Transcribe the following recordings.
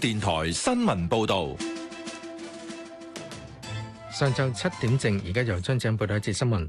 電台新聞報道：上晝七點正，而家由張政報道一節新聞。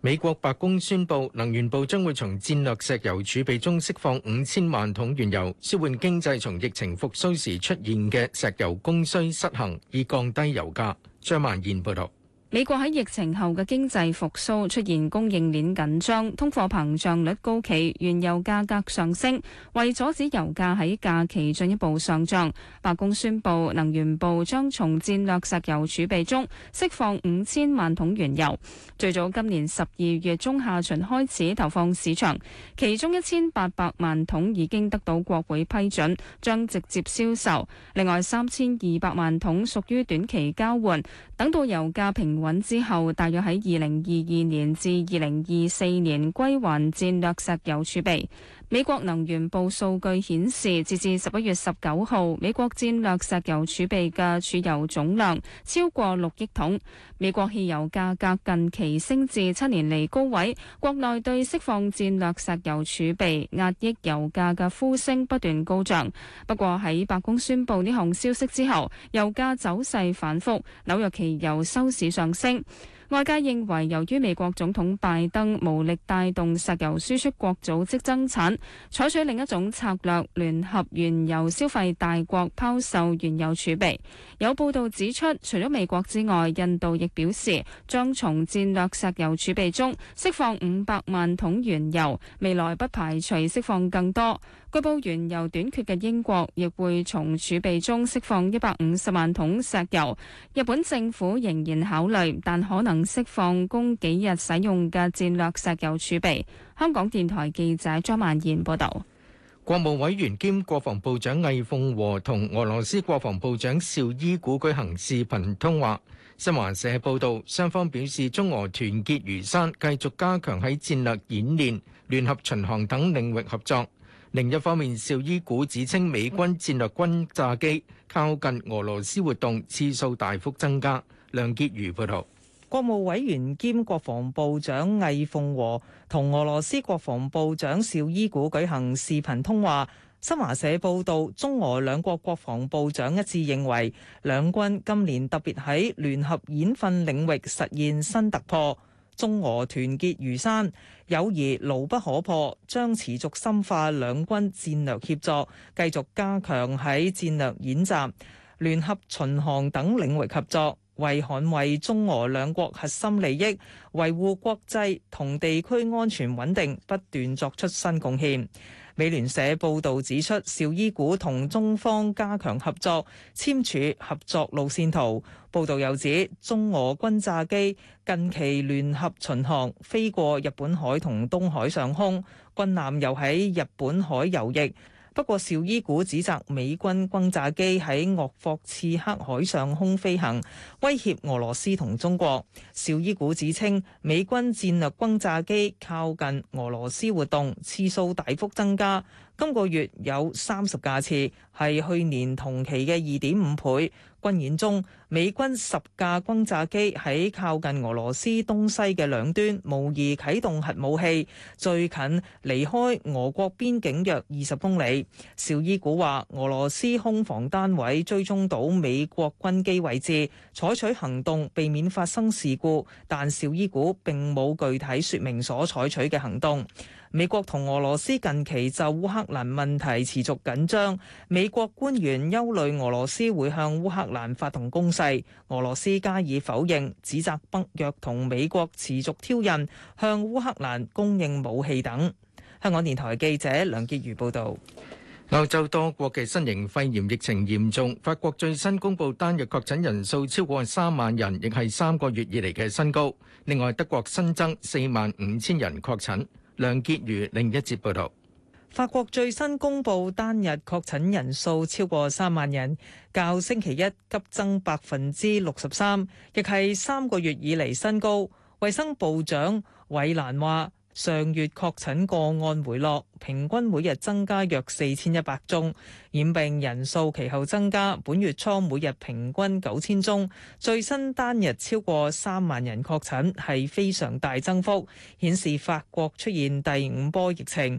美國白宮宣布，能源部將會從戰略石油儲備中釋放五千萬桶原油，舒緩經濟從疫情復蘇時出現嘅石油供需失衡，以降低油價。張曼燕報道。美國喺疫情後嘅經濟復甦出現供應鏈緊張、通貨膨脹率高企、原油價格上升，為阻止油價喺假期進一步上漲，白宮宣布能源部將從戰略石油儲備中釋放五千萬桶原油，最早今年十二月中下旬開始投放市場，其中一千八百萬桶已經得到國會批准，將直接銷售；另外三千二百萬桶屬於短期交換，等到油價平穩。之後，大約喺二零二二年至二零二四年歸還戰略石油儲備。美國能源部數據顯示，截至十一月十九號，美國戰略石油儲備嘅儲油總量超過六億桶。美國汽油價格近期升至七年嚟高位，國內對釋放戰略石油儲備壓抑油價嘅呼聲不斷高漲。不過喺白宮宣布呢項消息之後，油價走勢反覆，紐約期油收市上升。外界認為，由於美國總統拜登無力帶動石油輸出國組織增產，採取另一種策略，聯合原油消費大國拋售原油儲備。有報導指出，除咗美國之外，印度亦表示將從戰略石油儲備中釋放五百萬桶原油，未來不排除釋放更多。據報，原油短缺嘅英國亦會從儲備中釋放一百五十萬桶石油。日本政府仍然考慮，但可能釋放供幾日使用嘅戰略石油儲備。香港電台記者張曼燕報道，國務委員兼國防部長魏鳳和同俄羅斯國防部長紹伊古舉行視頻通話。新華社報道，雙方表示中俄團結如山，繼續加強喺戰略演練、聯合巡航等領域合作。另一方面，邵伊古指稱美軍戰略轟炸機靠近俄羅斯活動次數大幅增加。梁潔如報道，國務委員兼國防部長魏鳳和同俄羅斯國防部長邵伊古舉行視頻通話。新華社報導，中俄兩國國防部長一致認為，兩軍今年特別喺聯合演訓領域實現新突破。中俄團結如山，友誼牢不可破，將持續深化兩軍戰略協作，繼續加強喺戰略演習、聯合巡航等領域合作，為捍衛中俄兩國核心利益，維護國際同地區安全穩定不斷作出新貢獻。美聯社報道指出，紹伊古同中方加強合作，簽署合作路線圖。報道又指，中俄轟炸機近期聯合巡航，飛過日本海同東海上空，軍艦又喺日本海游弋。不過，紹伊古指責美軍轟炸機喺鄂霍次克海上空飛行，威脅俄羅斯同中國。紹伊古指稱，美軍戰略轟炸機靠近俄羅斯活動次數大幅增加，今個月有三十架次，係去年同期嘅二點五倍。軍演中，美軍十架轟炸機喺靠近俄羅斯東西嘅兩端，無意啟動核武器，最近離開俄國邊境約二十公里。紹伊古話，俄羅斯空防單位追蹤到美國軍機位置，採取行動避免發生事故，但紹伊古並冇具體說明所採取嘅行動。美國同俄羅斯近期就烏克蘭問題持續緊張，美國官員憂慮俄羅斯會向烏克蘭發動攻勢，俄羅斯加以否認，指責北約同美國持續挑釁，向烏克蘭供應武器等。香港電台記者梁潔瑜報導。歐洲多國嘅新型肺炎疫情嚴重，法國最新公布單日確診人數超過三萬人，亦係三個月以嚟嘅新高。另外，德國新增四萬五千人確診。梁潔如另一節報道，法國最新公布單日確診人數超過三萬人，較星期一急增百分之六十三，亦係三個月以嚟新高。衛生部長韋蘭話。上月確診個案回落，平均每日增加約四千一百宗，染病人數其後增加。本月初每日平均九千宗，最新單日超過三萬人確診，係非常大增幅，顯示法國出現第五波疫情。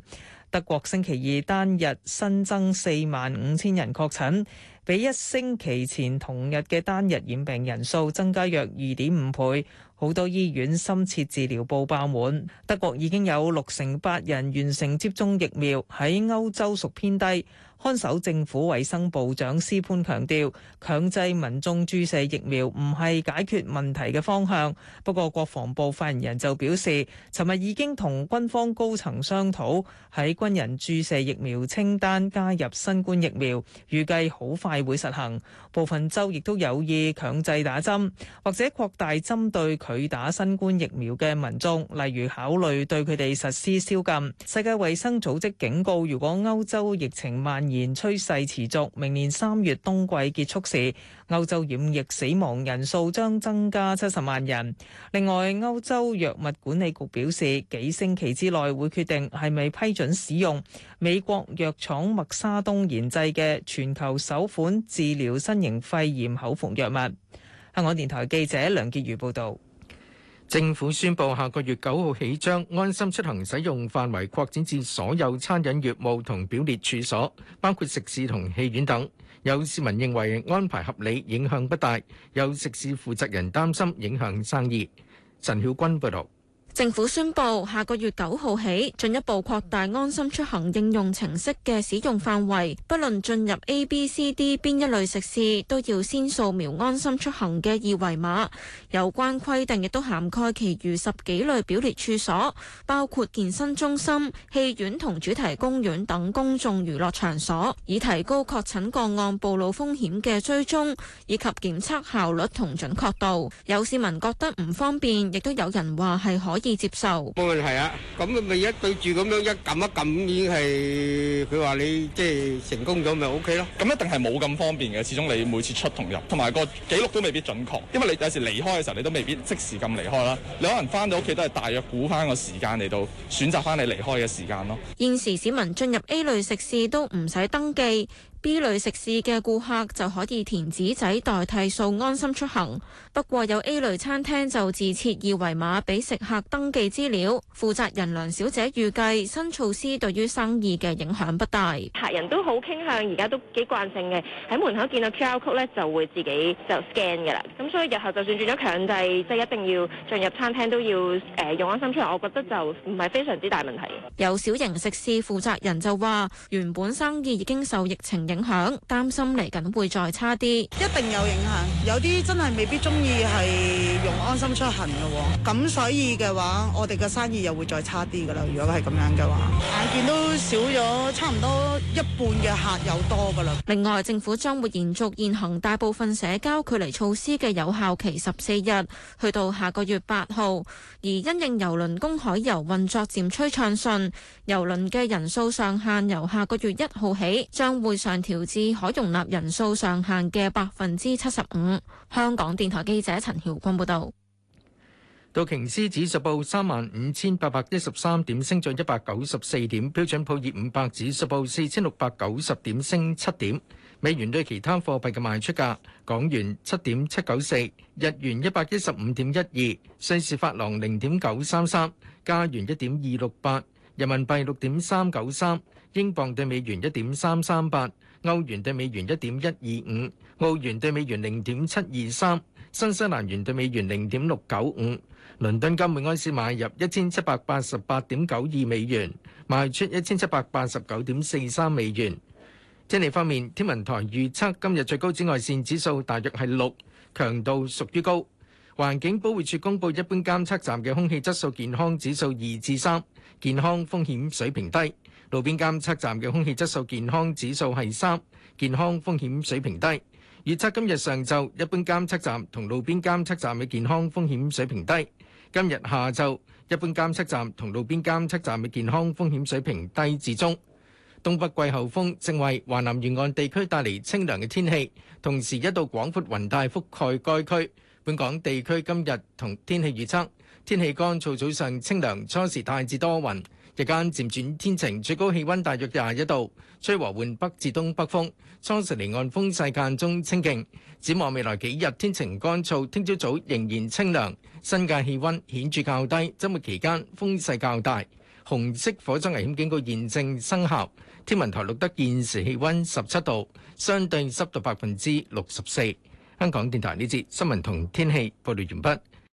德國星期二單日新增四萬五千人確診，比一星期前同日嘅單日染病人數增加約二點五倍。好多醫院深切治療部爆滿。德國已經有六成八人完成接種疫苗，喺歐洲屬偏低。看守政府衞生部長施潘強調，強制民眾注射疫苗唔係解決問題嘅方向。不過，國防部發言人就表示，尋日已經同軍方高層商討，喺軍人注射疫苗清單加入新冠疫苗，預計好快會實行。部分州亦都有意強制打針，或者擴大針對拒打新冠疫苗嘅民眾，例如考慮對佢哋實施宵禁。世界衛生組織警告，如果歐洲疫情蔓延趨勢持續，明年三月冬季結束時，歐洲染疫死亡人數將增加七十萬人。另外，歐洲藥物管理局表示，幾星期之內會決定係咪批准使用美國藥廠默沙東研製嘅全球首款治療新型肺炎口服藥物。香港電台記者梁潔如報道。政府宣布，下個月九號起，將安心出行使用範圍擴展至所有餐飲業務同表列處所，包括食肆同戲院等。有市民認為安排合理，影響不大。有食肆負責人擔心影響生意。陳曉君報道。政府宣布下個月九號起，進一步擴大安心出行應用程式嘅使用範圍，不論進入 A、B、C、D 邊一類食肆，都要先掃描安心出行嘅二維碼。有關規定亦都涵蓋其餘十幾類表列處所，包括健身中心、戲院同主題公園等公眾娛樂場所，以提高確診個案暴露風險嘅追蹤以及檢測效率同準確度。有市民覺得唔方便，亦都有人話係可以。接受冇問題啊！咁咪一對住咁樣一撳一撳已經係佢話你即係成功咗咪 OK 咯？咁一定係冇咁方便嘅，始終你每次出同入，同埋個記錄都未必準確，因為你有時離開嘅時候你都未必即時咁離開啦。你可能返到屋企都係大約估返個時間嚟到選擇返你離開嘅時間咯。現時市民進入 A 類食肆都唔使登記。B 類食肆嘅顧客就可以填紙仔代替掃安心出行，不過有 A 類餐廳就自設二維碼俾食客登記資料。負責人梁小姐預計新措施對於生意嘅影響不大，客人都好傾向而家都幾慣性嘅，喺門口見到 QR code 咧就會自己就 scan 噶啦，咁所以日後就算轉咗強制即係、就是、一定要進入餐廳都要誒、呃、用安心出嚟，我覺得就唔係非常之大問題。有小型食肆負責人就話，原本生意已經受疫情影響，擔心嚟緊會再差啲。一定有影響，有啲真係未必鍾意係用安心出行嘅喎，咁所以嘅話我哋嘅生意又會再差啲嘅啦，如果係咁樣嘅話，眼見都少咗差唔多一半嘅客有多㗎喇。另外，政府將會延續現行大部分社交距離措施嘅有效期十四日，去到下個月八號。而因應郵輪公海遊運作漸趨暢順。郵輪嘅人數上限由下個月一號起，將會上調至可容納人數上限嘅百分之七十五。香港電台記者陳曉君報道。道瓊斯指數報三萬五千八百一十三點，升咗一百九十四點；標準普爾五百指數報四千六百九十點，升七點。美元對其他貨幣嘅賣出價：港元七點七九四，日元一百一十五點一二，瑞士法郎零點九三三，加元一點二六八。人民幣六點三九三，英鎊對美元一點三三八，歐元對美元一點一二五，澳元對美元零點七二三，新西蘭元對美元零點六九五。倫敦金每安士買入一千七百八十八點九二美元，賣出一千七百八十九點四三美元。天氣方面，天文台預測今日最高紫外線指數大約係六，強度屬於高。環境保護署公布一般監測站嘅空氣質素健康指數二至三，健康風險水平低；路邊監測站嘅空氣質素健康指數係三，健康風險水平低。預測今日上晝一般監測站同路邊監測站嘅健康風險水平低。今日下晝一般監測站同路邊監測站嘅健康風險水平低至中。東北季候風正為華南沿岸地區帶嚟清涼嘅天氣，同時一度廣闊雲帶覆蓋該區。本港地區今日同天氣預測：天氣乾燥，早上清涼，初時大致多雲，日間漸轉天晴，最高氣温大約廿一度，吹和緩北至東北風，初時離岸風勢間中清勁。展望未來幾日天晴乾燥，聽朝早仍然清涼，新界氣温顯著較低，週末期間風勢較大。紅色火災危險警告現正生效。天文台錄得現時氣温十七度，相對濕度百分之六十四。香港電台呢節新聞同天氣報道完畢。